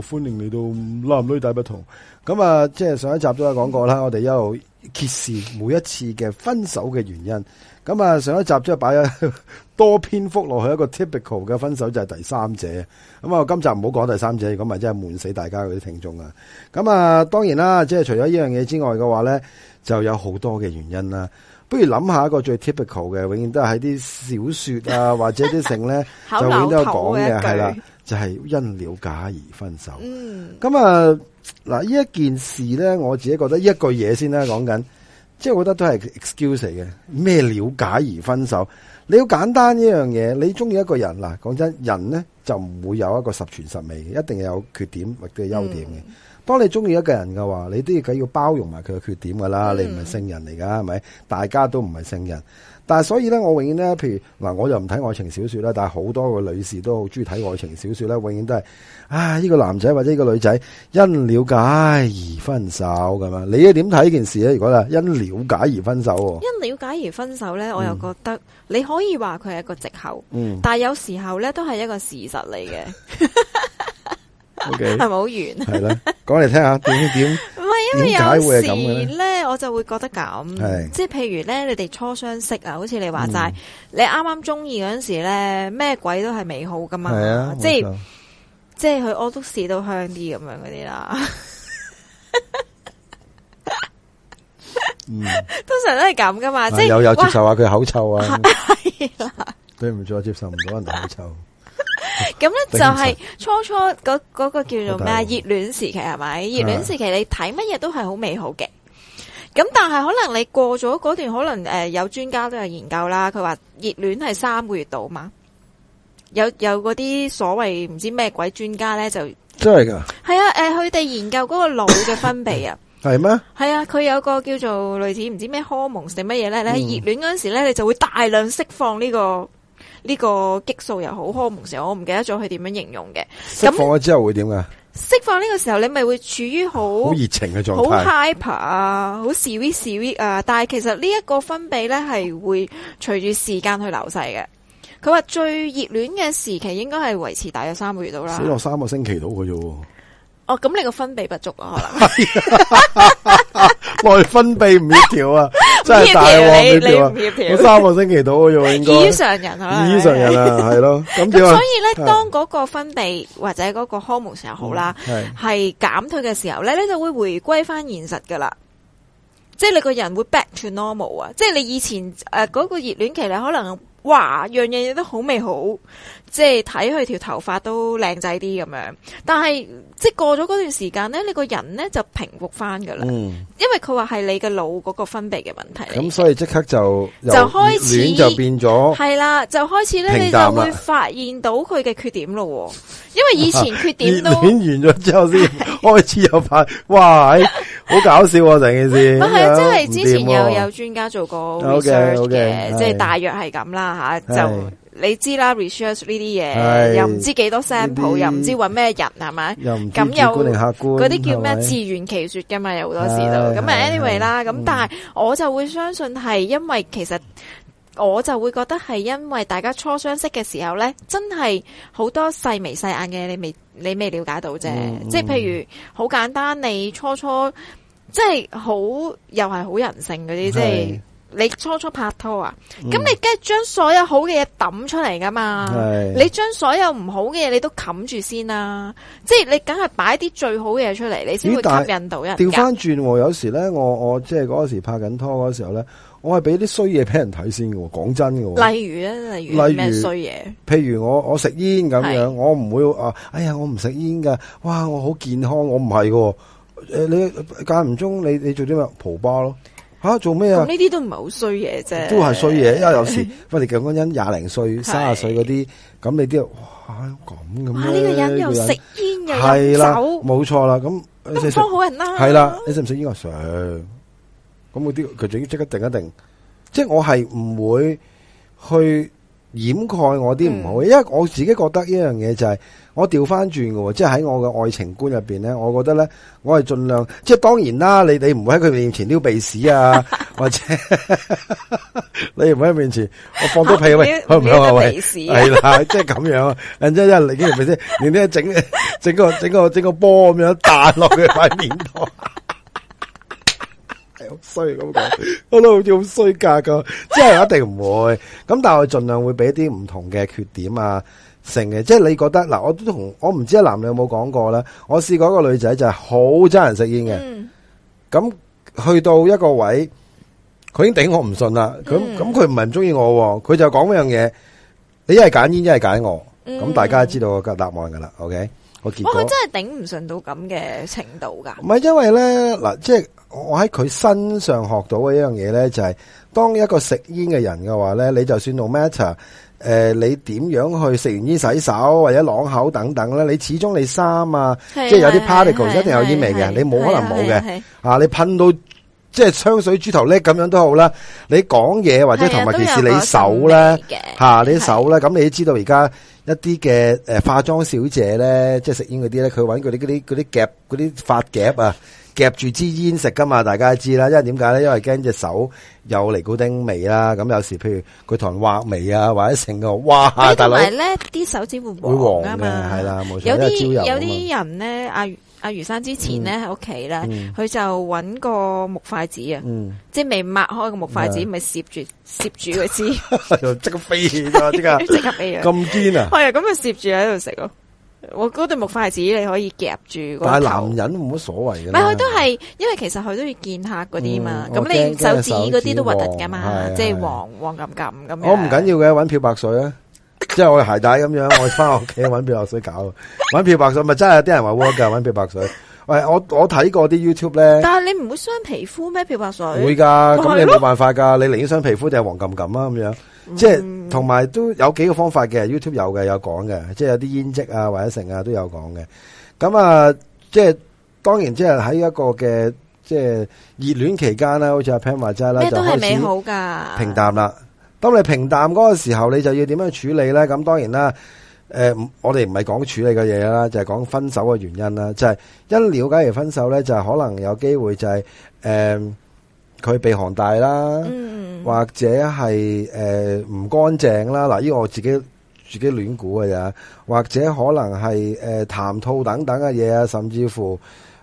歡迎嚟到男女大不同咁啊，即係上一集都有講過啦，我哋一路揭示每一次嘅分手嘅原因。咁啊，上一集即係擺咗多篇幅落去一個 typical 嘅分手就係第三者。咁啊，今集唔好講第三者，咁咪真係悶死大家嗰啲聽眾啊。咁啊，當然啦，即係除咗呢樣嘢之外嘅話咧，就有好多嘅原因啦。不如諗下一個最 typical 嘅，永遠都係喺啲小說啊，或者啲成咧，就永遠都有講嘅，係啦，就係因了解而分手。咁啊、嗯，嗱，呢一件事咧，我自己覺得呢一句嘢先啦，講緊，即係我覺得都係 excuse 嚟嘅。咩了解而分手？你好簡單呢樣嘢，你中意一個人嗱，講真，人咧就唔會有一個十全十美嘅，一定有缺點或者優點嘅。嗯當你中意一個人嘅話，你都要要包容埋佢嘅缺點噶啦，你唔係聖人嚟噶，係咪？大家都唔係聖人，但係所以咧，我永遠咧，譬如，嗱，我又唔睇愛情小說啦，但係好多個女士都好中意睇愛情小說咧，永遠都係啊，呢、這個男仔或者呢個女仔因了解而分手咁嘛。你又點睇呢件事咧？如果啊，因了解而分手，因了解而分手咧，我又覺得你可以話佢係一個借口，嗯、但係有時候咧都係一個事實嚟嘅。係冇啦，講嚟聽下點點。唔係，因為有時咧，我就會覺得咁，即係譬如咧，你哋初相識啊，好似你話齋，你啱啱中意嗰陣時咧，咩鬼都係美好噶嘛，即係即係佢屙督屎都香啲咁樣嗰啲啦。嗯，通常都係咁噶嘛，即係有有接受下佢口臭啊，對唔住，我接受唔到人哋口臭。咁咧就係初初嗰個個叫做咩啊，熱戀時期係咪？熱戀時期你睇，乜嘢都係好美好嘅。咁但係可能你過咗嗰段，可能誒有專家都有研究啦。佢話熱戀係三個月度嘛。有有嗰啲所謂唔知咩鬼專家咧就真係噶。係啊，誒，佢哋研究嗰個腦嘅分泌 嗎啊。係咩？係啊，佢有個叫做類似唔知咩荷蒙定乜嘢咧熱熱戀嗰陣時咧，你就會大量釋放呢個。呢個激素又好荷爾蒙時候，我唔記得咗佢點樣形容嘅。釋放咗之後會點啊？釋放呢個時候，你咪會處於好好熱情嘅狀態，好 hyper 啊，好 sweet sweet 啊。但係其實呢一個分泌咧係會隨住時間去流逝嘅。佢話最熱戀嘅時期應該係維持大約三個月到啦，死落三個星期到㗎啫喎。哦，咁你個分泌不足泌不條啊？可能內分泌唔協調啊？真係大旺，你條你唔要票，三個星期到嘅喎，應該。以 上人可能。以上人啊，係咯。咁所以咧， 當嗰個分泌或者嗰個荷爾蒙又好啦，係減、嗯、退嘅時候咧，你就會回歸翻現實噶啦。即係你個人會 back to normal 啊！即係你以前誒嗰個熱戀期咧，你可能。哇，樣樣嘢都好美好，即係睇佢條頭髮都靚仔啲咁樣。但係即係過咗嗰段時間咧，你個人咧就平復翻噶啦。嗯、因為佢話係你嘅腦嗰個分泌嘅問題。咁所以即刻就就,就開始就變咗係啦，就開始咧你就會發現到佢嘅缺點咯。因為以前缺點都熱戀、啊、完咗之後先開始有發，的哇！哎 好搞笑喎，成件事！唔係，即係之前有有專家做過 research 嘅，即係大約係咁啦吓。就你知啦，research 呢啲嘢又唔知幾多 sample，又唔知揾咩人係咪？咁有，嗰啲叫咩？自圓其說㗎嘛，有好多事都。咁，anyway 啦。咁但係我就會相信係因為其實我就會覺得係因為大家初相識嘅時候咧，真係好多細眉細眼嘅你未。你未了解到啫，嗯、即係譬如好簡單，你初初即係好又係好人性嗰啲，即係是你初初拍拖啊，咁、嗯、你梗係將所有好嘅嘢揼出嚟噶嘛？是你將所有唔好嘅嘢你都冚住先啦，啊，即係你梗係擺啲最好嘅嘢出嚟，你先會吸引到人。調翻轉，有時咧，我我即係嗰時拍緊拖嗰時候咧。我係俾啲衰嘢俾人睇先喎。講真喎，例如咧，例如例如咩衰嘢？譬如我我食煙咁樣，是我唔會啊！哎呀，我唔食煙嘅，哇，我好健康，我唔係嘅。誒、呃，你間唔中你你做啲咩蒲巴咯？吓做咩啊？呢啲都唔係好衰嘢啫，都係衰嘢。是因為有時，喂，你咁樣因廿零歲、卅歲嗰啲，咁你啲哇咁咁。呢個人又食煙，又飲酒，冇錯啦。咁好人啦，係啦，你食唔食煙啊？Sir？咁啲佢仲要即刻定一定，即係我係唔會去掩蓋我啲唔好，因為我自己覺得呢樣嘢就係我調翻轉喎，即係喺我嘅愛情觀入邊咧，我覺得咧，我係盡量，即係當然啦，你哋唔會喺佢面前撩鼻屎啊， 或者你唔喺面前我放多屁 喂，開唔開啊喂，係啦，即係咁樣啊， 人真係你知唔知？你整整個整個整個波咁樣彈落佢塊面度。好衰咁講，我都好衰格噶，即係一定唔會。咁但係我盡量會俾啲唔同嘅缺點啊，成嘅。即係你覺得嗱，我都同我唔知阿男你有冇講過啦。我試過，過一個女仔就係好憎人食煙嘅。咁、嗯、去到一個位，佢已經頂我唔順啦。咁咁佢唔係唔中意我，佢就講呢樣嘢，你一係揀煙，一係揀我。咁大家就知道個答案噶啦，OK。哇！佢真係頂唔順到咁嘅程度噶。唔係，因為咧嗱，即係我喺佢身上學到嘅一樣嘢咧，就係、是、當一個食煙嘅人嘅話咧，你就算用 matter，誒，你點樣去食完煙洗手或者啷口等等咧，你始終你衫啊，是即係有啲 particle 是一定有煙味嘅，你冇可能冇嘅啊！你噴到。即係香水豬頭叻咁樣都好啦，你講嘢或者同埋，尤其是你手咧，吓你手咧，咁你都知道而家一啲嘅誒化妝小姐咧，即係食煙嗰啲咧，佢搵佢啲嗰啲嗰啲夾嗰啲髮夾啊，夾住支煙食噶嘛，大家知啦。因為點解咧？因為驚隻手有尼古丁味啦。咁有時譬如佢同人畫眉啊，或者成個哇大佬，唔係咧，啲手指會黃啊嘛，係啦。冇錯，有啲有啲人咧，阿。阿余生之前咧喺屋企咧，佢就揾個木筷子啊，即係未抹開個木筷子，咪攝住攝住佢先，就即刻飛咯，即刻即刻飛啊！咁堅啊，係啊，咁咪攝住喺度食咯。我嗰對木筷子你可以夾住，但係男人都冇乜所謂嘅。係佢都係，因為其實佢都要見客嗰啲嘛。咁你手指嗰啲都核突噶嘛，即係黃黃咁咁。我唔緊要嘅，揾漂白水啊！即係我哋鞋帶咁樣，我翻屋企搵漂白水搞，搵 漂白水咪真係有啲人話 work 嘅，搵 漂白水。喂，我我睇過啲 YouTube 咧，但係你唔會傷皮膚咩？漂白水會噶的，咁你冇辦法噶，你寧願傷皮膚定係黃冚冚啊？咁樣即係同埋都有幾個方法嘅 YouTube 有嘅有講嘅，即係有啲煙漬啊或者成啊都有講嘅。咁啊，即係當然即係喺一個嘅即係熱戀期間啦，好似阿 Pan 話齋啦，都係美好噶，就開始平淡啦。咁你平淡嗰個時候，你就要點樣處理呢？咁當然啦，誒、呃，我哋唔係講處理嘅嘢啦，就係、是、講分手嘅原因啦。就係、是、因了解而分手呢，就係可能有機會就係、是、誒，佢、呃、鼻鼾大啦，或者係誒唔乾淨啦。嗱、呃，呢、這個、我自己自己亂估嘅嘢，或者可能係誒談吐等等嘅嘢啊，甚至乎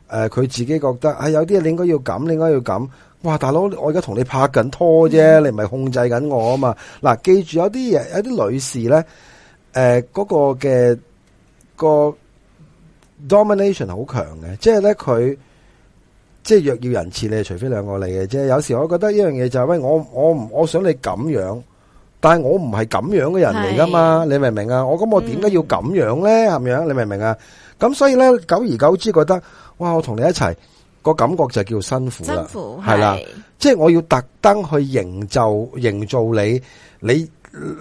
誒佢、呃、自己覺得啊、哎，有啲嘢你應該要咁，你應該要咁。哇！大佬，我而家同你拍緊拖啫，你唔係控制緊我啊嘛？嗱、啊，記住有啲嘢，有啲女士咧，誒、呃，嗰、嗰個嘅、嗰個 domination 好強嘅，即係咧佢即係若要人似，你除非兩個你嘅啫。有時我覺得一樣嘢就係、是、喂，我我我想你咁樣，但係我唔係咁樣嘅人嚟噶嘛？是的 你明唔明啊？我咁我點解要咁樣咧？係咪、嗯、你明唔明啊？咁所以咧，久而久之覺得哇，我同你一齊個感覺就叫辛苦啦，係啦乎，即係我要特登去營造、營造你，你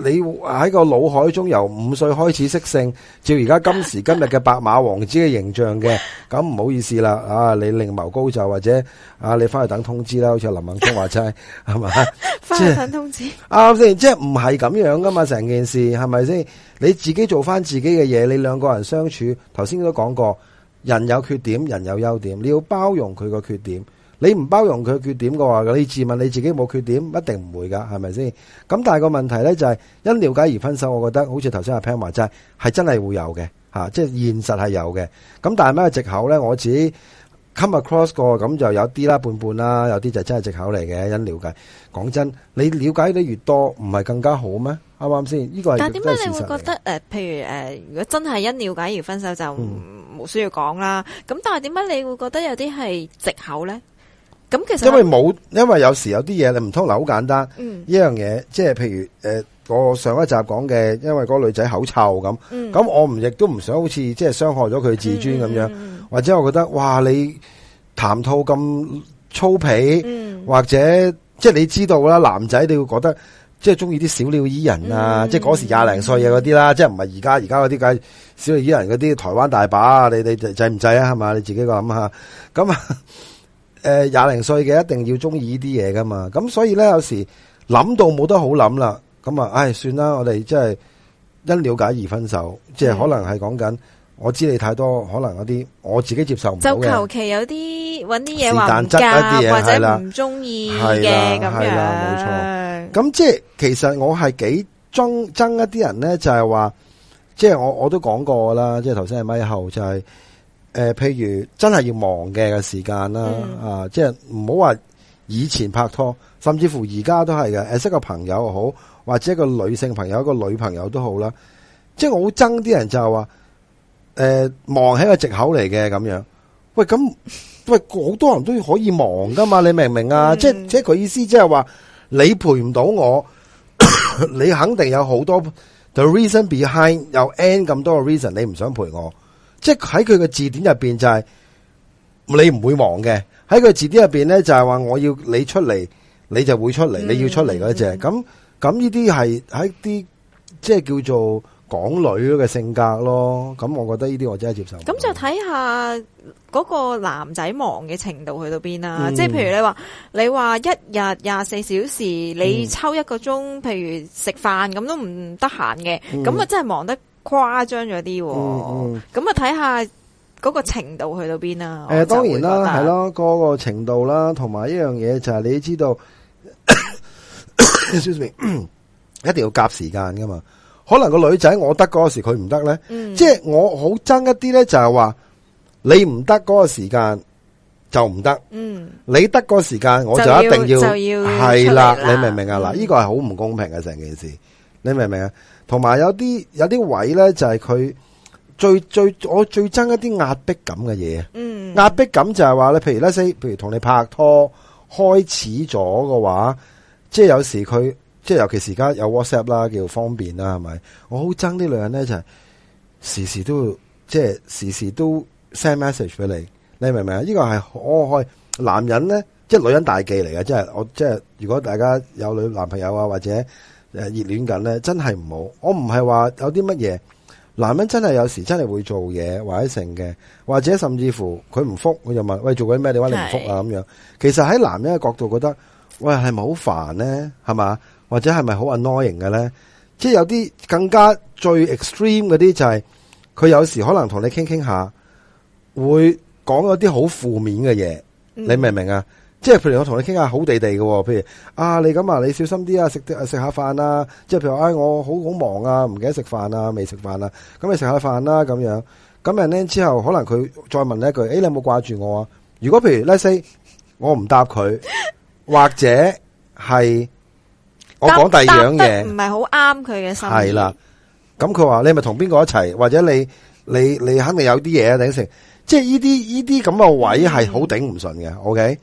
你喺個腦海中由五歲開始識性，照而家今時今日嘅白馬王子嘅形象嘅，咁唔 好意思啦，啊，你另謀高就或者啊，你翻去等通知啦，好似林敏驄話齋係嘛，翻去 吧 等通知， 啱先，即係唔係咁樣噶嘛，成件事係咪先？你自己做翻自己嘅嘢，你兩個人相處，頭先都講過。人有缺點，人有優點，你要包容佢個缺點。你唔包容佢缺點嘅話，你自問你自己冇缺點，一定唔會噶，係咪先？咁但係個問題呢、就係，就係因了解而分手，我覺得好似頭先阿 Pan 話齋，係真係會有嘅吓，即係現實係有嘅。咁但係咩借口呢？我自己 come across 過，咁就有啲啦，半半啦，有啲就係真係借口嚟嘅。因了解，講真，你了解得越多，唔係更加好咩？啱唔啱先？依個係，但係點解你會覺得誒，譬如誒，如果真係因了解而分手，就冇需要講啦。咁但係點解你會覺得有啲係借口咧？咁其實因為冇，因為有時有啲嘢，你唔通嗱，好簡單。嗯，依樣嘢即係譬如誒，我上一集講嘅，因為嗰女仔口臭咁。嗯。咁我唔亦都唔想好似即係傷害咗佢自尊咁樣，或者我覺得哇，你談吐咁粗鄙，或者即係你知道啦，男仔你會覺得。即係中意啲小鳥依人啊！嗯、即係嗰時廿零歲嘅嗰啲啦，嗯、即係唔係而家，而家嗰啲梗小鳥依人嗰啲台灣大把，你哋制唔制啊？係嘛，你自己諗下。咁啊，誒廿零歲嘅一定要中意呢啲嘢噶嘛。咁所以咧，有時諗到冇得好諗啦。咁啊，唉，算啦，我哋即係因了解而分手，嗯、即係可能係講緊我知你太多，可能嗰啲我自己接受唔到就求其有啲搵啲嘢話啲嘢，或者唔中意嘅咁樣。冇錯。咁即係其實我係幾憎一啲人咧，就係話，即係我我都講過啦，即係頭先係咪后就係，誒，譬如真係要忙嘅嘅時間啦，嗯，啊，即係唔好話以前拍拖，甚至乎而家都係嘅，識個朋友好，或者一個女性朋友，一個女朋友都好啦，即係我好憎啲人就係話，誒，忙係一個借口嚟嘅咁樣，喂，咁喂，好多人都可以忙噶嘛，你明唔明啊？即係即係佢意思，即係話。你陪唔到我， 你肯定有好多 the reason behind 有 n 咁多嘅 reason，你唔想陪我，即係喺佢嘅字典入邊就係你唔會忘嘅。喺佢字典入邊咧，就係話我要你出嚟，你就會出嚟，你要出嚟嗰隻。咁咁呢啲係喺啲即係叫做。港女嘅性格咯，咁我覺得呢啲我真係接受唔到。咁就睇下嗰個男仔忙嘅程度去到邊啦，嗯、即係譬如你話你話一日廿四小時，你抽一個鐘，嗯、譬如食飯咁都唔得閒嘅，咁啊、嗯、真係忙得誇張咗啲，咁啊睇下嗰個程度去到邊啦。誒、欸，當然啦，係咯但，嗰、嗰個程度啦，同埋一樣嘢就係你知道，excuse me， 一定要夾時間噶嘛。可能個女仔我得嗰時佢唔得咧，呢嗯、即係我好憎一啲咧，就係、是、話你唔得嗰個時間就唔得，嗯、你得個時間我就一定要係啦，你明唔明啊？嗱，呢個係好唔公平嘅成件事，你明唔明啊？同埋有啲有啲位咧，就係、是、佢最最我最憎一啲壓迫感嘅嘢，壓、嗯、迫感就係話咧，譬如咧，譬如同你拍拖開始咗嘅話，即係有時佢。即係尤其而家有 WhatsApp 啦，叫方便啦，係咪？我好憎啲女人咧，就係時時都即係時時都 send message 俾你，你明唔明啊？呢個係我開男人咧，即係女人大忌嚟嘅，即係我即係如果大家有女男朋友啊，或者誒熱戀緊咧，真係唔好。我唔係話有啲乜嘢，男人真係有時真係會做嘢或者成嘅，或者甚至乎佢唔復，我就問喂做緊咩？你話你唔復啊咁是 樣。其實喺男人嘅角度覺得喂係咪好煩咧？係嘛？或者係咪好 annoying 嘅咧？即係有啲更加最 extreme 嗰啲就係、是、佢有時可能同你傾傾下，會講咗啲好負面嘅嘢。你明唔明啊？嗯、即係譬如我同你傾下好地地嘅、哦，譬如啊，你咁啊，你小心啲啊，食食下飯啊。即係譬如唉、哎，我好好忙啊，唔記得食飯啊，未食飯啊，咁你食下飯啦咁樣。咁人呢之後可能佢再問你一句：誒、哎，你有冇掛住我啊？如果譬如 let's say 我唔答佢，或者係。但我講第二樣嘢，唔係好啱佢嘅心。係啦，咁佢話你咪同邊個一齊，或者你你你肯定有啲嘢啊，等成，即係呢啲呢啲咁嘅位係好頂唔順嘅。嗯，OK，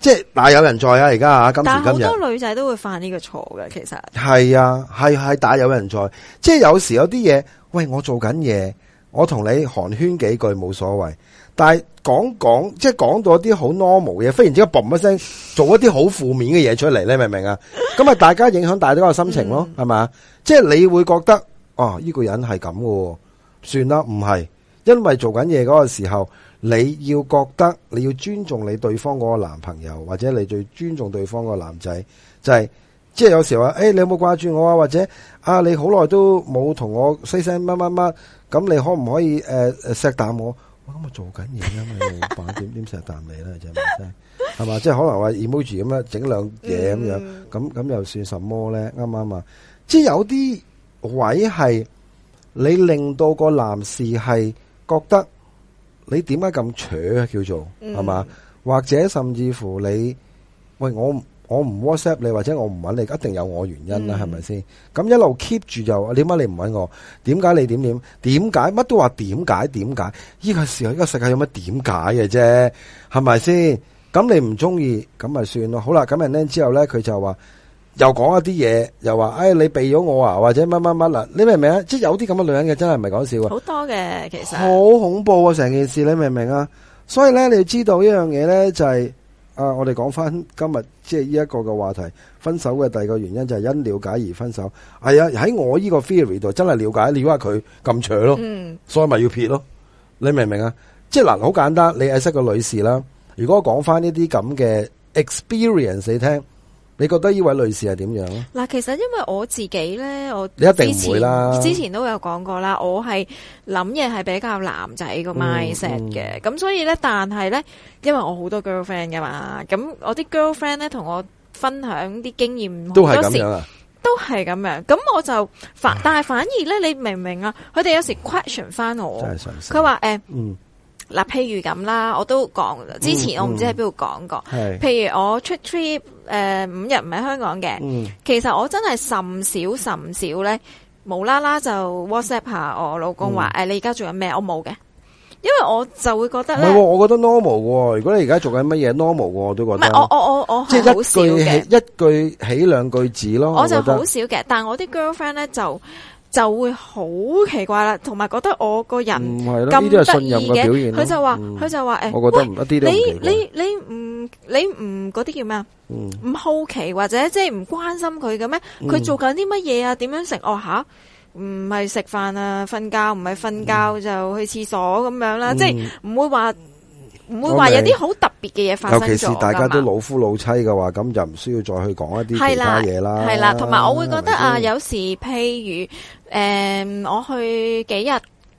即係大有人在啊！而家啊，今時今日，但係好多女仔都會犯呢個錯嘅，其實係啊，係係大有人在。即係有時有啲嘢，喂，我做緊嘢，我同你寒暄幾句冇所謂。但係講講，即係講到啲好 normal 嘢，忽然之間嘣一聲，做一啲好負面嘅嘢出嚟咧，你明唔明啊？咁啊，大家影響大家個心情咯，係嘛，嗯？即係你會覺得哦，呢，啊這個人係咁喎，算啦，唔係，因為做緊嘢嗰個時候，你要覺得你要尊重你對方嗰個男朋友，或者你最尊重對方個男仔，就係、是、即係有時話，誒、哎，你有冇掛住我啊？或者啊，你好耐都冇同我 say 聲乜乜乜，咁你可唔可以誒誒錫啖我？我咁啊做緊嘢啊嘛，點點成日彈你啦，就係，係嘛？即係可能話 emoji 咁樣整兩嘢咁樣，咁咁又算什麼咧？啱唔啱啊？即係有啲位係你令到個男士係覺得你點解咁扯啊？叫做係嘛？或者甚至乎你喂我。我唔 WhatsApp 你或者我唔揾你，一定有我原因啦，係咪先？咁、嗯、一路 keep 住又點解你唔揾我？點解你點點？點解乜都話點解？點解？呢、呢個時候呢個世界有乜點解嘅啫？係咪先？咁你唔中意咁咪算咯？好啦，咁人哋之後呢，佢就話又講一啲嘢，又話唉、哎、你避咗我啊，或者乜乜乜啦，你明唔明啊？即係有啲咁嘅女人嘅真係唔係講笑啊！好多嘅，其實。好恐怖啊！成件事你明唔明啊？所以呢，你要知道一樣嘢呢，就係、是。啊！我哋講翻今日即係呢一個嘅話題，分手嘅第二個原因就係因了解而分手。係、哎、啊，喺我呢個 theory 度真係了解了解佢咁長咯，嗯、所以咪要撇咯。你明唔明啊？即係嗱，好、啊、簡單，你係識個女士啦。如果講翻呢啲咁嘅 experience 你聽。你覺得呢位女士係點樣咧？嗱，其實因為我自己咧，我之前你一定啦，之前都有講過啦，我係諗嘢係比較男仔個 mindset 嘅，咁、嗯嗯、所以咧，但係咧，因為我好多 girlfriend 噶嘛，咁我啲 girlfriend 咧同我分享啲經驗，都係咁樣、啊、樣，都係咁樣，咁我就反，唉但係反而咧，你明唔明啊？佢哋有時 question 返我，佢話誒，說嗯。嗱，譬如咁啦，我都講之前，我唔知喺邊度講過。嗯嗯、譬如我出 trip，誒、呃、五日唔喺香港嘅，嗯、其實我真係甚少甚少咧，無啦啦就 WhatsApp 下我老公話、嗯：誒、哎、你而家做緊咩？我冇嘅，因為我就會覺得咧。唔我覺得 normal 喎。如果你而家做緊乜嘢，normal 的我都覺得。唔係我我我我係好少嘅，一句起兩句字咯。我，我就好少嘅，但係我啲 girlfriend 咧就。就會好奇怪啦，同埋覺得我個人咁得意嘅，佢就話佢就話誒，喂，你你你唔你唔嗰啲叫咩啊？唔、嗯、好奇或者即係唔關心佢嘅咩？佢、嗯、做緊啲乜嘢啊？點樣食？哦吓，唔係食飯啊，瞓覺唔係瞓覺、嗯、就去廁所咁樣啦，嗯、即係唔會話。唔會話有啲好特別嘅嘢發生，尤其是大家都老夫老妻嘅話，咁就唔需要再去講一啲其他嘢啦。係啦，同埋我會覺得吧啊，有時譬如誒、嗯，我去幾日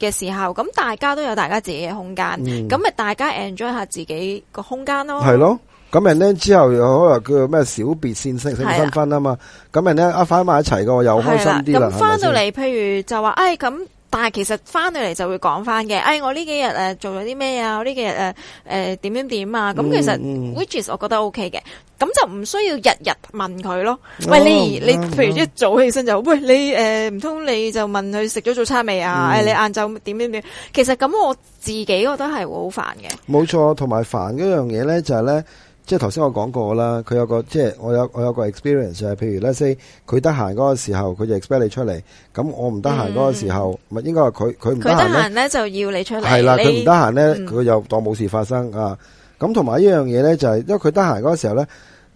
嘅時候，咁大家都有大家自己嘅空間，咁咪、嗯、大家 enjoy 下自己個空間咯。係咯，咁人咧之後又可能叫咩小別勝新婚啊嘛，咁人咧一翻埋一齊嘅，我又開心啲啦。咁翻到嚟，的譬如就話，哎咁。那但係其實翻到嚟就會講翻嘅，哎我呢幾日誒做咗啲咩啊？我呢幾日誒誒點點點啊？咁、嗯嗯、其實 which is 我覺得 O K 嘅，咁就唔需要日日問佢咯。喂、哦、你你、嗯、譬如，一早起身就喂你誒唔通，你就問佢食咗早餐未啊、嗯呃？你晏晝點點點？其實咁我自己覺得係會好煩嘅。冇錯，同埋煩嗰樣嘢咧就係咧。即係頭先我講過啦，佢有個即係我有我有個 experience 係，譬如呢，say 佢得閒嗰個時候，佢就 expect 你出嚟。咁我唔得閒嗰個時候，咪、嗯、應該話佢佢唔得閒咧就要你出嚟。係啦了，佢唔得閒咧，佢又當冇事發生、嗯、啊。咁同埋一樣嘢咧，就係、是、因為佢得閒嗰個時候咧。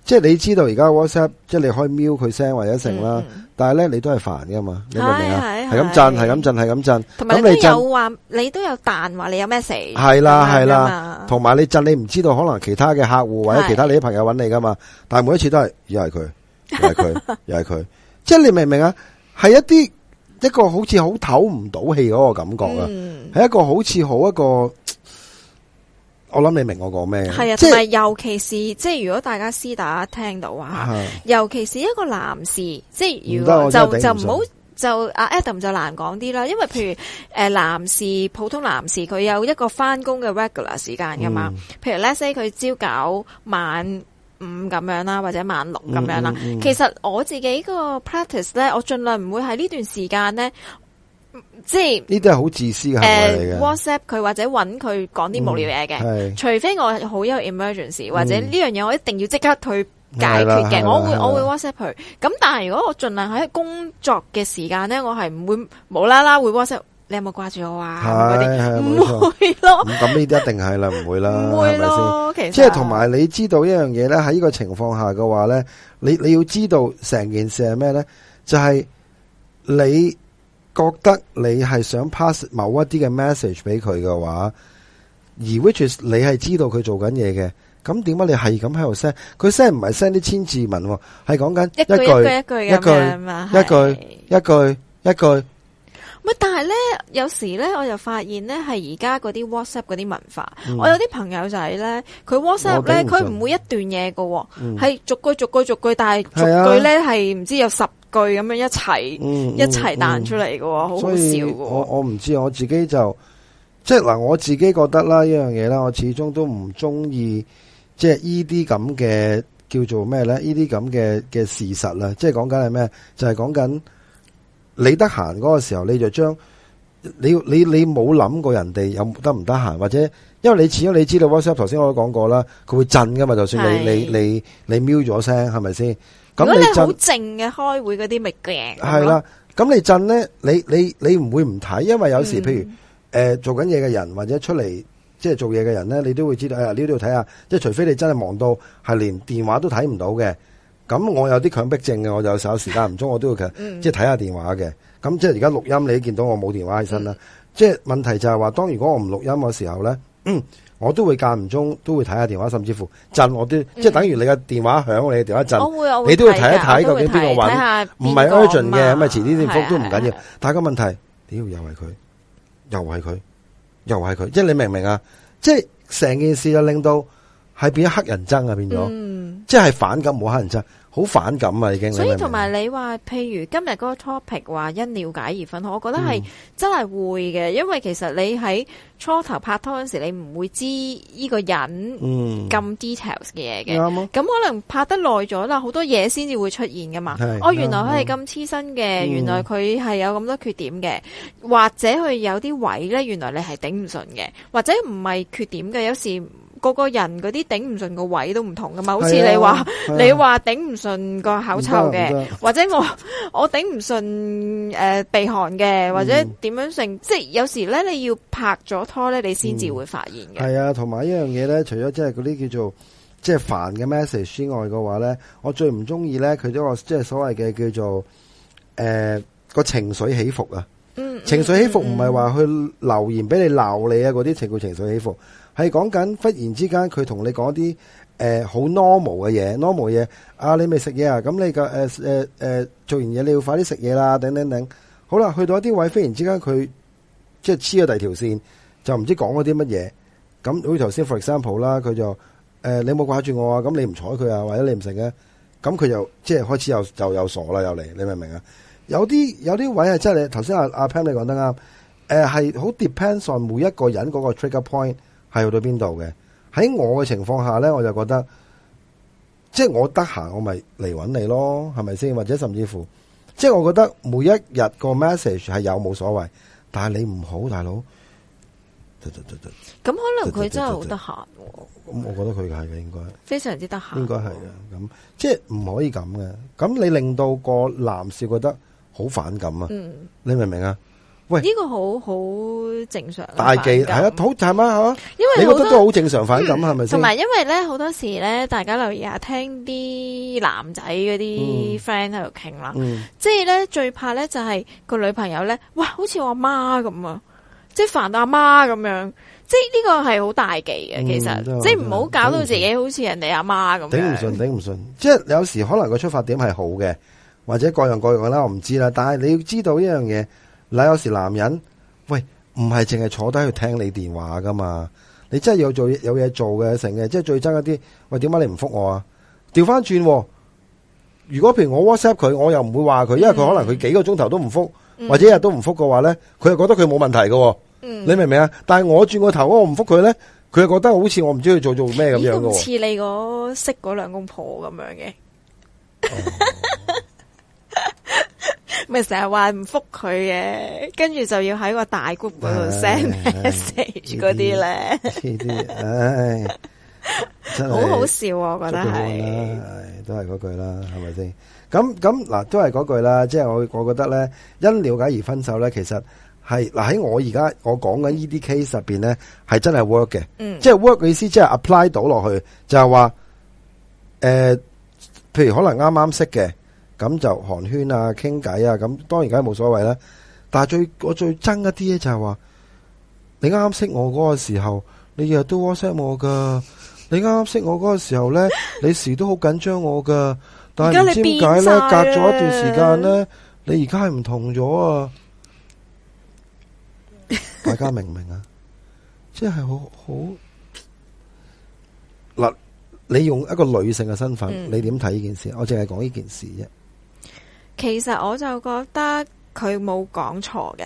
即係你知道而家 WhatsApp，即係你可以瞄佢聲或者成啦，嗯、但係咧你都係煩噶嘛，你明唔明啊？係咁是震，係咁震，係咁震，同你，你震，你就話，你都有彈話你有咩係啦係啦，同埋的你震，你唔知道可能其他嘅客戶或者其他你啲朋友揾你噶嘛，的但係每一次都係又係佢，又係佢，又係佢， 即係你明唔明啊？係一啲一個好似好唞唔到氣嗰個感覺啊，係、嗯、一個好似好一個。我諗你明我講咩，係係啊，同埋、就是、尤其是即係如果大家私打聽到啊，的尤其是一個男士，即係如果行就就唔好就阿 Adam 就難講啲啦，因為譬如、呃、男士普通男士佢有一個返工嘅 regular 時間㗎嘛，嗯、譬如 let's say 佢朝九晚五咁樣啦，或者晚六咁樣啦，嗯嗯嗯其實我自己個 practice 咧，我盡量唔會喺呢段時間咧。即係呢啲係好自私嘅行為嚟嘅。WhatsApp 佢或者搵佢講啲無聊嘢嘅，除非我好有 emergency 或者呢樣嘢我一定要即刻去解決嘅，我會我會 WhatsApp 佢。咁但係如果我盡量喺工作嘅時間咧，我係唔會無啦啦會 WhatsApp 你有冇掛住我啊？係唔會咯。咁呢啲一定係啦，唔會啦，唔會咯。其實即係同埋你知道一樣嘢咧，喺呢個情況下嘅話咧，你你要知道成件事係咩咧？就係你。覺得你係想 pass 某一啲嘅 message 俾佢嘅話，而 which 你係知道佢做緊嘢嘅，咁點解你係咁喺度 send？佢 send 唔係 send 啲千字文，係講緊一句一句一句一句一句一句一句。唔係，但係咧，有時咧，我就發現咧，係而家嗰啲 WhatsApp 嗰啲文化，嗯、我有啲朋友仔咧，佢 WhatsApp 咧，佢唔會一段嘢嘅，係、嗯、逐句逐句逐句，但係逐句咧係唔知有十。句咁樣一齊一齊彈出嚟嘅，好、嗯嗯嗯、好笑，我我唔知，我自己就即係嗱，我自己覺得啦，呢樣嘢啦，我始終都唔中意，即係呢啲咁嘅叫做咩咧？呢啲咁嘅嘅事實啦，即係講緊係咩？就係講緊你得閒嗰個時候，你就將你你你冇諗過人哋有得唔得閒，或者因為你始終你知道 WhatsApp 頭先我都講過啦，佢會震噶嘛，就算你是你你你瞄咗聲，係咪先？咁如果你好靜嘅開會嗰啲咪嘅，係啦。咁你震咧，你你你唔會唔睇，因為有時譬如誒、呃、做緊嘢嘅人，或者出嚟即係做嘢嘅人咧，你都會知道哎呀，呢度睇下。即係除非你真係忙到係連電話都睇唔到嘅。咁我有啲強迫症嘅，我就有時時間唔足，我都會 即係睇下電話嘅。咁即係而家錄音，你見到我冇電話喺身啦。嗯、即係問題就係話，當如果我唔錄音嘅時候咧。嗯，我都會間唔中都會睇下電話，甚至乎震我都、嗯、即係等於你嘅電話響，你嘅電話震，我會我會，你都會睇一睇究竟邊個搵。唔係 urgent 嘅，咁啊遲啲電覆都唔緊要。是的 但係個問題，屌又係佢，又係佢，又係佢，即係你明唔明啊？即係成件事就令到係變咗黑人憎啊，嗯、變咗。即係反感，冇可能真，好反感啊！已經。所以同埋你話，譬如今日嗰個 topic 話因了解而分開，我覺得係真係會嘅，嗯、因為其實你喺初頭拍拖嗰時，你唔會知呢個人咁 details 嘅嘢嘅。咁、嗯、可能拍得耐咗啦，好多嘢先至會出現噶嘛。哦，原來佢係咁黐身嘅，原來佢係、嗯、有咁多缺點嘅，或者佢有啲位咧，原來你係頂唔順嘅，或者唔係缺點嘅，有時。個個人嗰啲頂唔順個位都唔同噶嘛，啊、好似你話、啊、你話頂唔順個口臭嘅、呃，或者我我頂唔順誒鼻鼾嘅，或者點樣成，嗯、即係有時咧你要拍咗拖咧，你先至會發現嘅。係、嗯、啊，同埋一樣嘢咧，除咗即係嗰啲叫做即係煩嘅 message 之外嘅話咧，我最唔中意咧佢都個即係所謂嘅叫做誒個、呃、情緒起伏啊。情緒起伏唔係話去留言俾你鬧你啊，嗰啲情緒情緒起伏，係講緊忽然之間佢同你講啲誒好 normal 嘅嘢，normal 嘢啊，你未食嘢啊，咁你個誒誒誒做完嘢你要快啲食嘢啦，等等等，好啦去到一啲位忽然之間佢即係黐咗第二條線，就唔知講咗啲乜嘢，咁好似頭先 for example 啦，佢就誒，你冇掛住我啊，咁你唔睬佢啊，或者你唔食嘅，咁佢就即係開始又又又傻啦又嚟，你明唔明啊？有啲有啲位係即係你，頭先阿阿平你講得啱，誒係好 depends on 每一個人嗰個 trigger point 係去到邊度嘅。喺我嘅情況下咧，我就覺得，即係我得閒我咪嚟搵你咯，係咪先？或者甚至乎，即係我覺得每一日個 message 係有冇所謂，但係你唔好大佬，咁可能佢真係好得閒，哦。咁我覺得佢係嘅，應該非常之得閒，應該係嘅。咁即係唔可以咁嘅。咁你令到個男士覺得。好反感啊！嗯、你明唔明啊？喂，呢個好好正常，大忌係啊，好係咪啊？因為多你覺得都好正常反感，係咪、嗯？同埋因為咧，好多時咧，大家留意下聽啲男仔嗰啲 friend 喺度傾啦，嗯嗯、即係咧最怕咧就係、是、個女朋友咧，哇，好似我阿媽咁啊，即係煩阿媽咁樣，即係呢個係好大忌嘅，其實、嗯、即係唔好搞到自己好似人哋阿媽咁。頂唔順，頂唔順，即係有時可能個出發點係好嘅。或者各樣各樣啦，我唔知啦。但係你要知道一樣嘢，你有時男人喂，唔係淨係坐低去聽你電話噶嘛，你真係有做有嘢做嘅成嘅，即係最憎一啲喂，點解你唔複我啊？調翻轉，如果譬如我 WhatsApp 佢，我又唔會話佢，因為佢可能佢幾個鐘頭都唔複，嗯、或者一日都唔複嘅話咧，佢又覺得佢冇問題嘅。嗯、你明唔明啊？但係我轉個頭我唔複佢咧，佢又覺得好似我唔知佢做做咩咁樣似你嗰 識嗰兩公婆咁樣嘅。 咪成日話唔復佢嘅，跟住 就要喺個大 group 嗰度 send message 嗰啲呢。好好笑，我覺得係、哎，都係嗰句啦，係咪先？咁，咁，嗱，都係嗰句啦，即係我我覺得咧，因了解而分手咧，其實係嗱，喺我而家我講緊呢啲 case 入邊咧，係真係 work 嘅，即係、嗯、work 嘅意思即係 apply 到落去，就係、是、話，誒、呃，譬如可能啱啱識嘅。咁就寒暄啊、傾偈啊，咁當然梗係冇所謂啦。但係最我最憎一啲嘢就係話，你啱啱識我嗰個時候，你日日都 WhatsApp 我噶。你啱啱識我嗰個時候咧，你時都好緊張我噶。但係唔知點解咧，隔咗一段時間咧，你而家係唔同咗啊！大家明唔明啊？ 即係好好嗱，你用一個女性嘅身份，你點睇呢件事？嗯、我淨係講呢件事啫。其實我就覺得佢冇講錯嘅，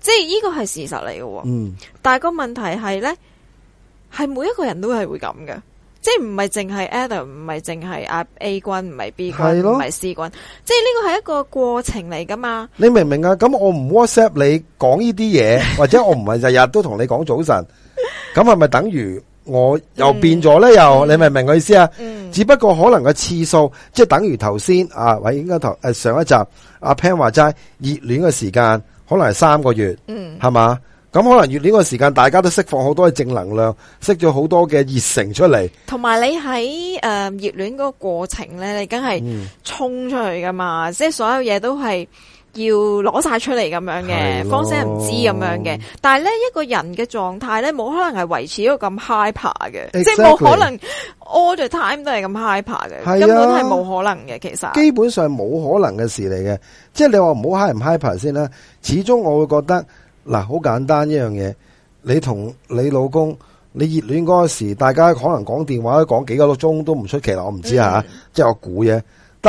即係呢個係事實嚟嘅。嗯，但係個問題係咧，係每一個人都係會咁嘅，即係唔係淨係 Adam，唔係淨係阿 A 君，唔係 B 君，唔係是的 C 君，即係呢個係一個過程嚟噶嘛。你明唔明啊？咁我唔 WhatsApp 你講呢啲嘢，或者我唔係日日都同你講早晨，咁係咪等於？我又變咗咧，嗯、又你明唔明我意思啊？嗯、只不過可能個次數，即係等於頭先啊，喂應該頭誒上一集阿 Pan 話齋熱戀嘅時間可能係三個月，嗯係嘛？咁可能熱戀嘅時間，大家都釋放好多嘅正能量，釋咗好多嘅熱誠出嚟。同埋你喺誒熱戀嗰個過程咧，你梗係衝出去噶嘛？嗯、即係所有嘢都係。要攞晒出嚟咁樣嘅方式唔知咁樣嘅。但係呢，一個人嘅狀態呢，冇可能係維持一個咁 hyper 嘅。Exactly. 即係冇可能 all the time 都係咁 hyper 嘅，根本係冇可能嘅。的其實基本上冇可能嘅事嚟嘅。即係你話唔好 high 唔 hyper hy 先啦。始終我會覺得，嗱，好簡單一樣嘢，你同你老公你熱戀嗰時，大家可能講電話都講幾個鐘都唔出奇啦。我唔知啊，嗯、即係我估嘢。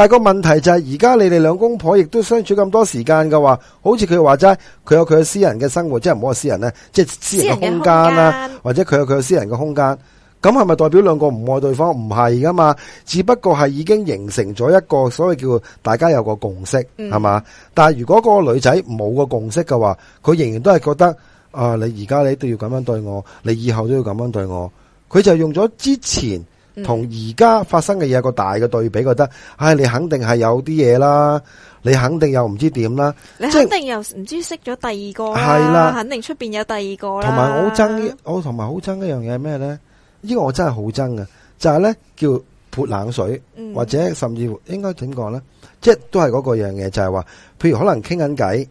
但係個問題就係、是，而家你哋兩公婆亦都相處咁多時間嘅話，好似佢話齋，佢有佢嘅私人嘅生活，即係唔好話私人咧，即係私人嘅空間啦，間或者佢有佢嘅私人嘅空間。咁係咪代表兩個唔愛對方？唔係噶嘛，只不過係已經形成咗一個所謂叫大家有個共識，係嘛、嗯？但係如果嗰個女仔冇個共識嘅話，佢仍然都係覺得，啊，你而家你都要咁樣對我，你以後都要咁樣對我，佢就用咗之前。同而家發生嘅嘢有個大嘅對比，覺得，唉、哎，你肯定係有啲嘢啦，你肯定又唔知點啦，你肯定即又唔知識咗第二個，係啦的，肯定出邊有第二個啦。同埋我憎，我同埋好憎一樣嘢係咩咧？呢、這個我真係好憎呀，就係、是、咧叫潑冷水，嗯、或者甚至乎應該點講咧？即係都係嗰個樣嘢，就係、是、話，譬如可能傾緊偈，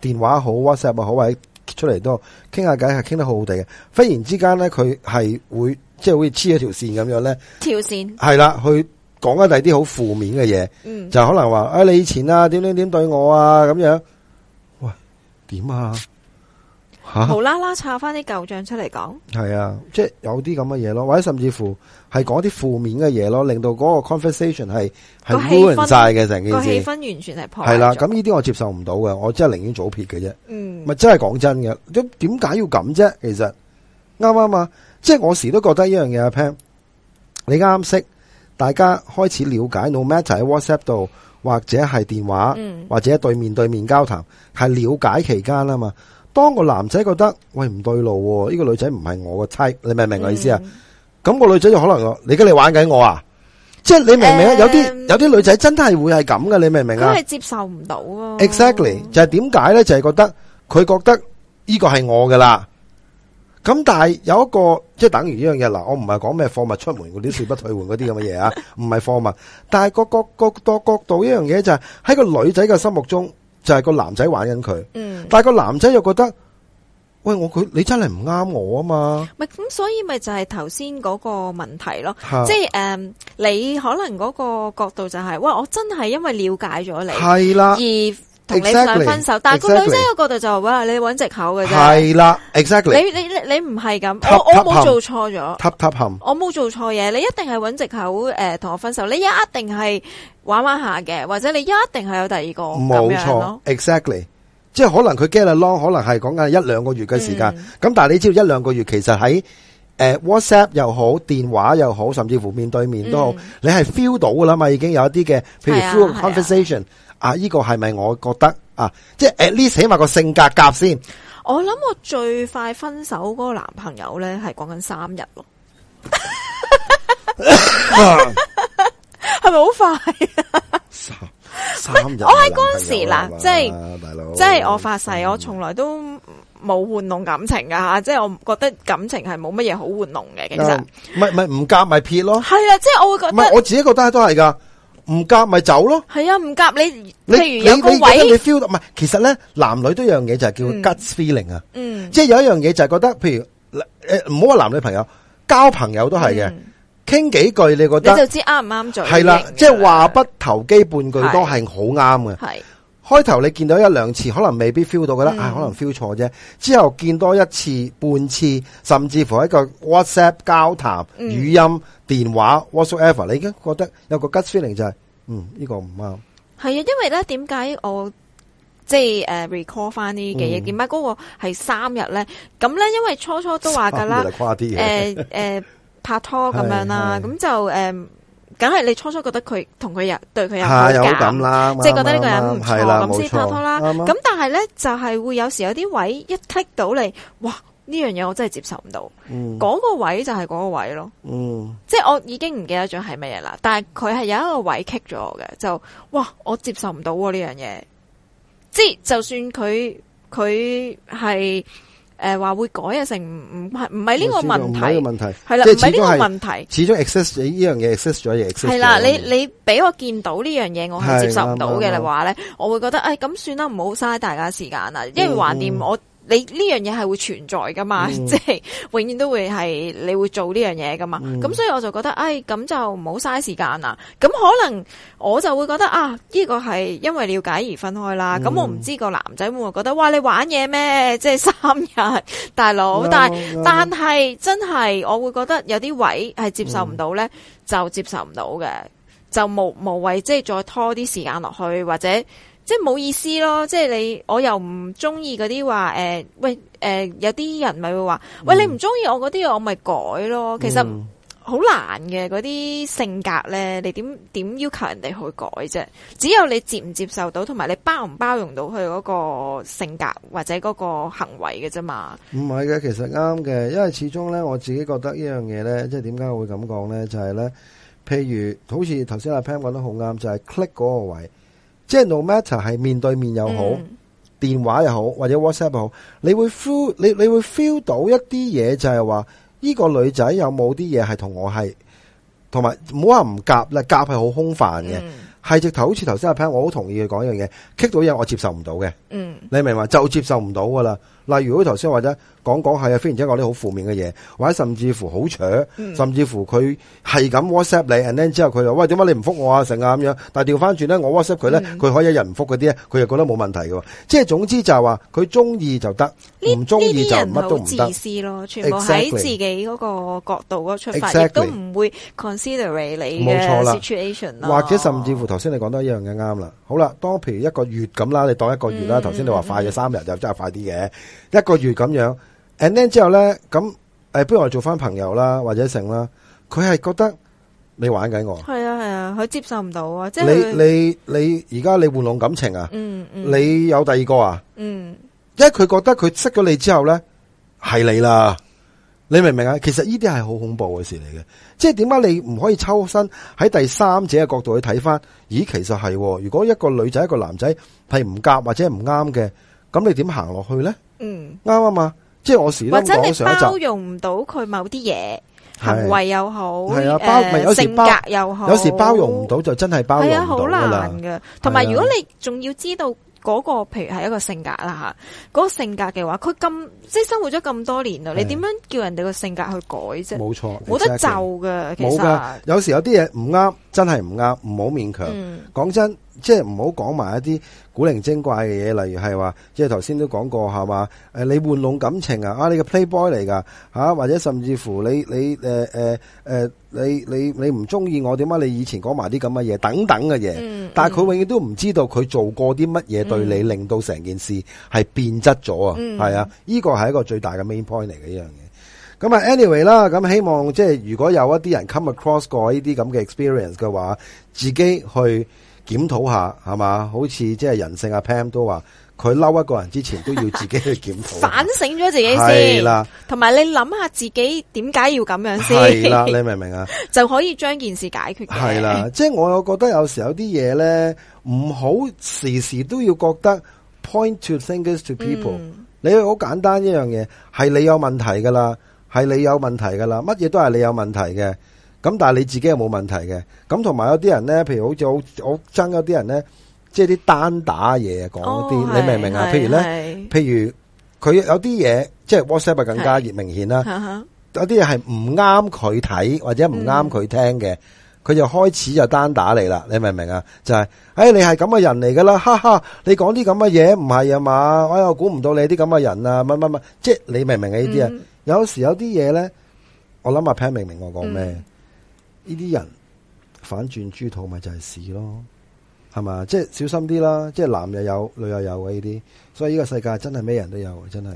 電話好 WhatsApp 好或者出嚟都傾下偈，係傾得好好地嘅。忽然之間咧，佢係會。即係會黐一條線咁樣咧，條線係啦，去講緊第啲好負面嘅嘢，嗯、就可能話啊、哎、你以前啊點點點對我啊咁樣，喂點啊吓無啦啦插翻啲舊賬出嚟講，係啊，即係有啲咁嘅嘢咯，或者甚至乎係講啲負面嘅嘢咯，令到嗰個 conversation 係、嗯、個氣氛晒嘅成件事，氣氛完全係破係啦。咁呢啲我接受唔到嘅，我真係寧願早撇嘅啫。嗯，咪真係講真嘅，咁點解要咁啫？其實啱啱啊？即係我時都覺得一樣嘢啊 Pam 你啱識，大家開始了解。no matter 喺 WhatsApp 度，或者係電話，嗯、或者對面對面交談，係了解期間啦嘛。當個男仔覺得喂唔對路、啊，呢、呢個女仔唔係我嘅 type，你明唔明我意思啊？咁、嗯、個女仔就可能你而家你玩緊我啊？即係你明唔明啊？有啲有啲女仔真係會係咁嘅，你明唔明啊？真係接受唔到、啊、Exactly 就係點解咧？就係、是、覺得佢覺得呢個係我噶啦。咁但係有一個，即係等於一樣嘢嗱，我唔係講咩貨物出門嗰啲事不退換嗰啲咁嘅嘢啊，唔係貨物，但係個、個角度一樣嘢就係、是、喺個女仔嘅心目中就係、是、個男仔玩緊佢，嗯，但係個男仔又覺得，喂，我佢你真係唔啱我啊嘛，咪咁所以，咪就係頭先嗰個問題咯，啊、即係誒、uh, 你可能嗰個角度就係、是，喂，我真係因為了解咗你係啦。同你想分手，exactly, 但係女仔個角度就話、是、Exactly. 你揾藉口嘅啫。係啦，exactly 你。你你你你唔係咁，我我冇做錯咗。我冇做錯嘢。 你一定係揾藉口誒，同我分手。你一定係玩玩下嘅，或者你一定係有第二個。冇錯錯，exactly。即係可能佢 get long，可能係講緊一兩個月嘅時間。咁、嗯、但係你知道一兩個月其實喺誒 WhatsApp 又好，電話又好，甚至乎面對面都好，嗯、你係 feel 到噶啦嘛？已經有一啲嘅，譬如 f u e l conversation、啊。啊！呢個係咪我覺得啊？即係 at least 起碼個性格夾先。我諗我最快分手嗰個男朋友咧，係講緊三日咯。係咪好快？三三日。我喺嗰陣時嗱，大佬即係即係我發誓，我從來都冇玩弄感情噶吓，即係、嗯、我覺得感情係冇乜嘢好玩弄嘅，嗯、其實。唔係唔係唔夾咪撇咯？係啦，即係我會覺得。唔係我自己覺得都係噶。唔夾咪走咯，係啊，唔夾你。譬如你你有個位，feel 唔係，其實咧男女都有一樣嘢就係叫 gut、嗯、feeling 啊，嗯，即係有一樣嘢就係覺得，譬如誒唔好話男女朋友交朋友都係嘅，傾、嗯、幾句你覺得你就知啱唔啱做，係啦，即係話不投機半句都係好啱嘅，係。開頭你見到一兩次，可能未必 feel 到，㗎啦啊可能 feel 錯啫。之後見多一次、半次，甚至乎一個 WhatsApp 交談、語音、電話、嗯、，whatever，你已經覺得有個 good feeling 就係、是，嗯呢、這個唔啱。係啊，因為咧點解我即係誒 recall 翻呢啲嘅嘢？點解嗰個係三日咧？咁咧因為初初都話㗎啦，誒誒、呃呃、拍拖咁樣啦，咁是是 就誒。Um, 梗係你初初覺得佢同佢有對佢有好感啦，即係覺得呢個人唔錯咁先拍拖啦。咁但係咧就係、是、會有時有啲位一踢到你，哇呢樣嘢我真係接受唔到。嗰、嗯、個位就係嗰個位咯，嗯、即係我已經唔記得咗係乜嘢啦。但係佢係有一個位棘咗我嘅，就哇我接受唔到呢樣嘢，即係就算佢佢係。佢係誒，話、呃、會改啊成唔唔係唔係呢個問題，唔係呢個問題，係啦了，唔係呢個問題，始終 excess 呢呢樣嘢 excess 咗嘢，係啦，你你俾我見到呢樣嘢，我係接受唔到嘅你話咧，對對對對我會覺得誒咁、哎、算啦，唔好嘥大家時間啦，因為橫掂我。嗯嗯你呢樣嘢係會存在噶嘛？Mm hmm. 即係永遠都會係你會做呢樣嘢噶嘛？咁、mm hmm. 所以我就覺得，哎，咁就唔好嘥時間啦。咁可能我就會覺得啊，呢個係因為了解而分開啦。咁、mm hmm. 我唔知個男仔會唔會覺得，哇，你玩嘢咩？即係三日大佬，no, no, no. 但但係真係我會覺得有啲位係接受唔到呢，mm hmm. 就接受唔到嘅，就無無謂即係再拖啲時間落去或者。即係冇意思咯，即係你我又唔中意嗰啲話誒，喂誒、欸，有啲人咪會話，喂，你唔中意我嗰啲，我咪改咯。嗯、其實好難嘅嗰啲性格咧，你點點要求人哋去改啫？只有你接唔接受到，同埋你包唔包容到佢嗰個性格或者嗰個行為嘅啫嘛。唔係嘅，其實啱嘅，因為始終咧，我自己覺得呢樣嘢咧，即係點解會咁講咧？就係咧，譬如好似頭先阿 Pam 講得好啱，就係 click 嗰個位。即係 no matter 係面對面又好，嗯、電話又好，或者 WhatsApp 又好，你會 feel 你你會 feel 到一啲嘢就係話呢個女仔有冇啲嘢係同我係，同埋唔好話唔夾啦，夾係好空泛嘅，係直頭好似頭先阿 Pin，我好同意佢講一樣嘢，棘到嘢我接受唔到嘅，嗯，你明嘛？就接受唔到噶啦。例如剛才，如果頭先或者講講係啊，飛然之後講啲好負面嘅嘢，或者甚至乎好扯，嗯、甚至乎佢係咁 WhatsApp 你，and then 之後佢話喂點解你唔覆我啊？成日咁樣。但係調翻轉咧，我 WhatsApp 佢咧，佢可以一日唔覆嗰啲咧，佢又、嗯、覺得冇問題嘅喎，即係總之就係話，佢中意就得，唔中意就乜都唔得。啲啲人好自私咯，全部喺自己嗰個角度嗰出發亦 Exactly. 都唔會 consider 你嘅 situation 咯。啊、或者甚至乎頭先你講得一樣嘅啱啦。好啦，當譬如一個月咁啦，你當一個月啦。頭先、嗯嗯嗯嗯、你話快咗三日就真係快啲嘅。一個月咁樣，and then 之後呢，咁誒、哎、不如我哋做翻朋友啦，或者成啦。佢係覺得你玩緊我，係啊，係啊，佢、啊、接受唔到啊。即係你他你你而家你玩弄感情啊？嗯嗯、你有第二個啊？嗯，因為佢覺得佢識咗你之後呢，係你啦，你明唔明啊？其實呢啲係好恐怖嘅事嚟嘅，即係點解你唔可以抽身喺第三者嘅角度去睇翻？咦，其實係、哦，如果一個女仔一個男仔係唔夾或者唔啱嘅，咁你點行落去呢？嗯，啱啊嘛，即係我時都唔想就。或者你包容唔到佢某啲嘢，行為又好，係啊，包容，有時性格又好，有時包容唔到就真係包容唔到啦。係啊，好難噶。同埋如果你仲要知道嗰個，譬如係一個性格啦吓，嗰個性格嘅話，佢咁即係生活咗咁多年啦，你點樣叫人哋個性格去改啫？冇錯，冇得就噶。其實有時有啲嘢唔啱，真係唔啱，唔好勉強。講真。即係唔好講埋一啲古靈精怪嘅嘢，例如係話，即係頭先都講過係嘛？誒，你玩弄感情啊？啊，你個 playboy 嚟噶吓、啊，或者甚至乎你你誒誒誒，你、呃呃呃、你你唔中意我，點解你以前講埋啲咁嘅嘢，等等嘅嘢。嗯嗯、但係佢永遠都唔知道佢做過啲乜嘢對你，令到成件事係變質咗、嗯、啊！嗯。係啊，呢個係一個最大嘅 main point 嚟嘅呢樣嘢。咁啊，anyway 啦，咁希望即係如果有一啲人 come across 過呢啲咁嘅 experience 嘅話，自己去。檢討下，係嘛？好似即係人性啊 Pam 都話佢嬲一個人之前都要自己去檢討， 反省咗自己是的先。係啦，同埋你諗下自己點解要咁樣先。係啦，你明唔明啊？ 就可以將件事解決。係啦，即係我又覺得有時有啲嘢咧，唔好時時都要覺得 point to fingers to people。嗯、你好簡單一樣嘢，係你有問題噶啦，係你有問題噶啦，乜嘢都係你有問題嘅。咁但係你自己又冇問題嘅，咁同埋有啲人咧，譬如好似好好憎有啲人咧，即係啲單打嘢，講啲，講哦，你明唔明啊？譬如咧，譬如佢有啲嘢，即係 WhatsApp 更加熱明顯啦。有啲嘢係唔啱佢睇或者唔啱佢聽嘅，佢、嗯、就開始就單打你啦。你明唔明啊？就係、是，誒、哎，你係咁嘅人嚟噶啦，哈哈，你講啲咁嘅嘢唔係啊嘛？我又估唔到你啲咁嘅人啊，乜乜乜，即係你明唔明呢啲啊，有時候有啲嘢咧，我諗阿 Pan 明唔明我講咩？嗯呢啲人反轉豬肚咪就係屎咯，係嘛？即係小心啲啦，即係男又有女又有嘅呢啲，所以呢個世界真係咩人都有，真係，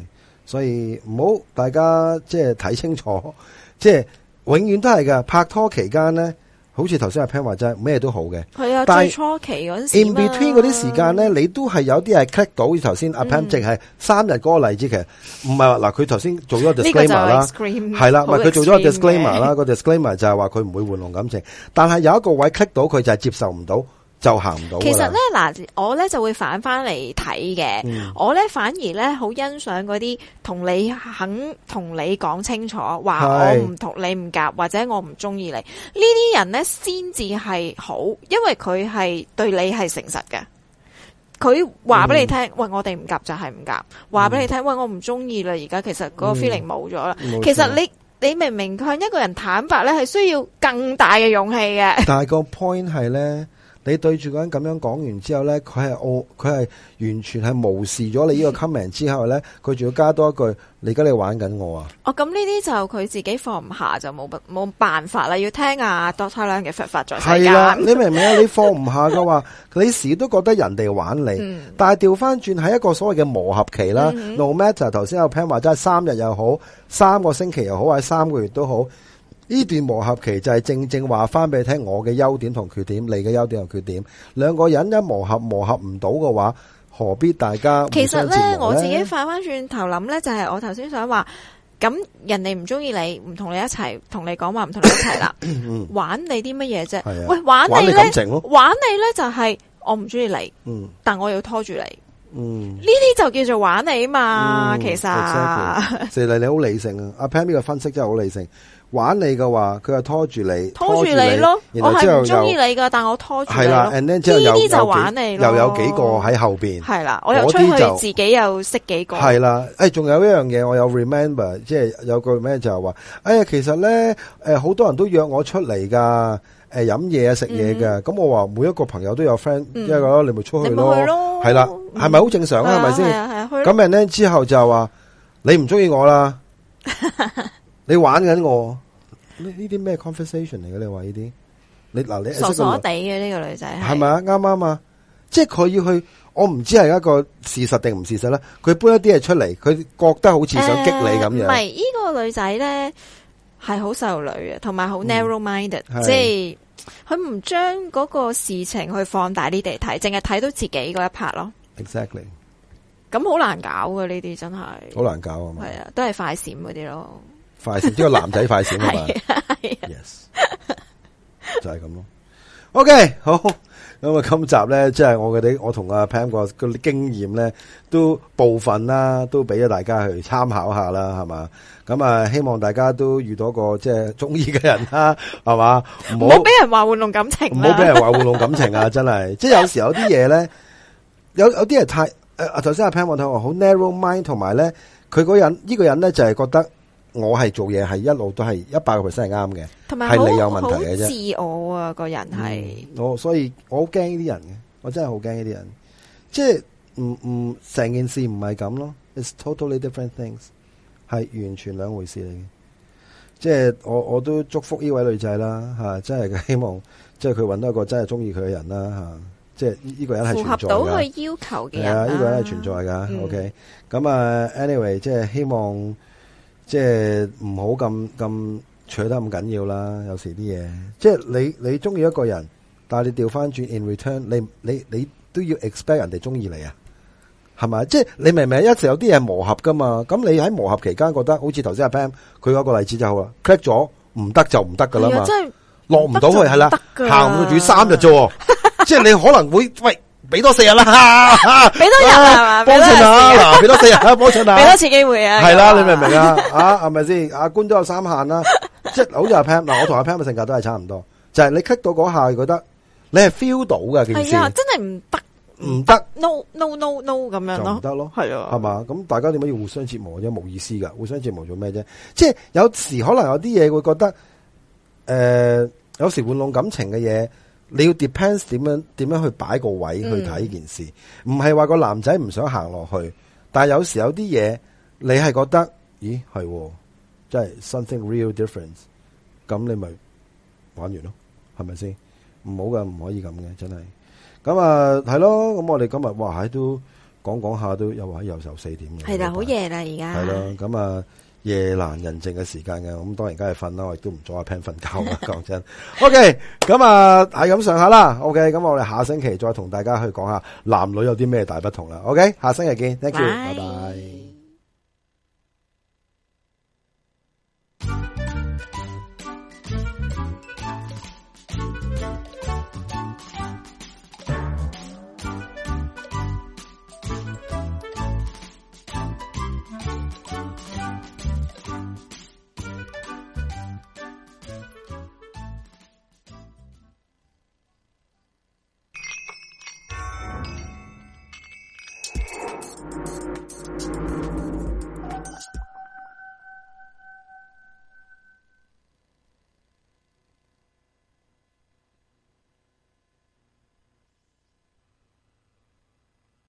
所以唔好大家即係睇清楚，即係永遠都係㗎，拍拖期間咧。好似頭先阿 Pan 話齋係咩都好嘅，係啊的，但係初期嗰 in between 嗰啲時間咧，你都係有啲係 cut 到頭先阿 Pan 直係三日嗰個例子，其實唔係話嗱，佢頭先做咗個 disclaimer 啦，係啦了，佢做咗個 disclaimer 啦，個 disclaimer 就係話佢唔會玩弄感情，但係有一個位 cut 到佢就係接受唔到。就行唔到。其實咧，嗱，我咧就會反翻嚟睇嘅。嗯、我咧反而咧好欣賞嗰啲同你肯同你講清楚，話我唔同你唔夾，或者我唔中意你呢啲人咧，先至係好，因為佢係對你係誠實嘅。佢話俾你聽，嗯、喂，我哋唔夾就係唔夾。話俾你聽，嗯、喂，我唔中意啦。而家其實嗰個 feeling 冇咗啦。嗯、其實你沒錯 你明唔明向一個人坦白咧，係需要更大嘅勇氣嘅。但係個 point 係咧。你對住個人咁樣講完之後咧，佢係佢係完全係無視咗你呢個 comment 之後咧，佢仲、嗯、要加多一句：你而家你玩緊我啊？哦，咁呢啲就佢自己放唔下就冇冇辦法啦，要聽啊，Doctor 嘅發法再睇係啊，你明唔明啊？ 你放唔下嘅話，你時都覺得人哋玩你，嗯、但係調翻轉喺一個所謂嘅磨合期啦。嗯、哼 No matter 頭先有聽話，真係三日又好，三個星期又好，或者三個月都好。呢段磨合期就係正正話翻俾你聽我嘅優點同缺點，你嘅優點同缺點，兩個人一磨合磨合唔到嘅話，何必大家磨呢？其實咧，我自己快翻轉頭諗咧，就係、是、我頭先想話，咁人哋唔中意你，唔同你一齊，同你講話唔同你一齊啦，玩你啲乜嘢啫？的喂，玩你咧，玩你咧、啊、就係、是、我唔中意你，嗯、但我又要拖住你，呢啲、嗯、就叫做玩你嘛。嗯、其實，謝麗你好理性啊，阿 Pam 呢個分析真係好理性。玩你嘅話，佢又拖住你，拖住你咯。我係唔中意你噶，但我拖住你。係啦，and 咧之後又又有幾個喺後邊。係啦，我又出去自己又識幾個。係啦，誒，仲有一樣嘢，我有 remember，即係有句咩就係話，哎呀，其實咧，誒，好多人都約我出嚟噶，誒，飲嘢啊，食嘢嘅。咁我話每一個朋友都有 friend，即係你咪出去咯。係啦，係咪好正常啊？係咪先？咁人咧之後就話你唔中意我啦。你玩緊我呢？呢啲咩 conversation 嚟嘅？你話呢啲，你嗱你,你傻傻地嘅呢個女仔係咪啊？啱啱啊！即係佢要去，我唔知係一個事實定唔事實啦。佢搬一啲嘢出嚟，佢覺得好似想激你咁樣。唔係呢個女仔咧，係好受女同埋好 narrow minded，即係佢唔將嗰個事情去放大啲睇，淨係睇到自己嗰一 part 咯。Exactly，咁好難搞嘅呢啲真係，好難搞啊！係啊，都係快閃嗰啲咯。快閃，呢、這個男仔快閃係嘛？Yes，就係咁咯。OK，好咁啊。咁今集咧，即係我哋，我同阿 Pam 個個經驗咧，都部分啦，都俾咗大家去參考一下啦，係嘛咁啊。希望大家都遇到一個即係中意嘅人啦，係嘛，唔好俾人話玩弄感情，唔好俾人話玩弄感情啊！真係 即係有時候有啲嘢咧，有有啲人太誒，頭先阿 Pam 話佢好 narrow mind，同埋咧佢嗰人呢個人咧就係、是、覺得。我係做嘢係一路都係一百個 percent 係啱嘅，同埋係你有問題嘅啫。自我啊，個人係、嗯、我，所以我好驚呢啲人嘅，我真係好驚呢啲人，即係唔唔成件事唔係咁咯。It's totally different things，係完全兩回事嚟嘅。即係我我都祝福呢位女仔啦，吓、啊、真係希望即係佢搵到一個真係中意佢嘅人啦，吓、啊、即係呢、這個人係符合到佢要求嘅人啦、啊。呢、啊這個人係存在噶、嗯、，OK。咁啊，anyway，即係希望。即係唔好咁咁取得咁緊要啦，有時啲嘢，即係你你中意一個人，但係你調翻轉 in return，你你你都要 expect 人哋中意你啊，係咪？即係你明唔明？一時有啲嘢磨合噶嘛，咁你喺磨合期間覺得好似頭先阿 Pan 佢嗰個例子就好啦 click 咗唔得就唔得噶啦嘛，落唔到去係啦，行咗主要三日啫，即係你可能會喂。俾多四日啦，俾、 啊、多日係嘛，下嗱、啊，俾多，、啊啊、多四日啊，下，俾多次機會啊，係啦，你明唔明啊？啊，係咪先？啊，官都有三限啦，即、就、係、是、好似阿 Pam 嗱，我同阿 Pam 嘅性格都係差唔多，就係、是、你 cut 到嗰下，覺得你係 feel 到噶其的實，係啊，真係唔得，唔得行，no no no no 咁樣咯，唔得咯，係啊的，係嘛？咁大家點解要互相折磨啫？冇意思噶，互相折磨做咩啫？即、就、係、是、有時可能有啲嘢會覺得，誒、呃，有時玩弄感情嘅嘢。你要 depends 點樣點樣去擺個位去睇件事，唔係話個男仔唔想行落去，但係有時有啲嘢你係覺得，咦係，即係 something real difference，咁你咪玩完咯，係咪先？唔好㗎，唔可以咁嘅，真係。咁啊係咯，咁我哋今日話喺都講講下，都又話喺右手四點嘅，係啦的，好夜啦而家，係咯，咁啊。夜難人靜嘅時間嘅，咁當然梗係瞓啦，我亦都唔阻阿 Pan 瞓覺啦 okay, 啊，講真。OK，咁啊係咁上下啦。OK，咁我哋下星期再同大家去講下男女有啲咩大不同啦。OK，下星期見，thank you, 拜拜。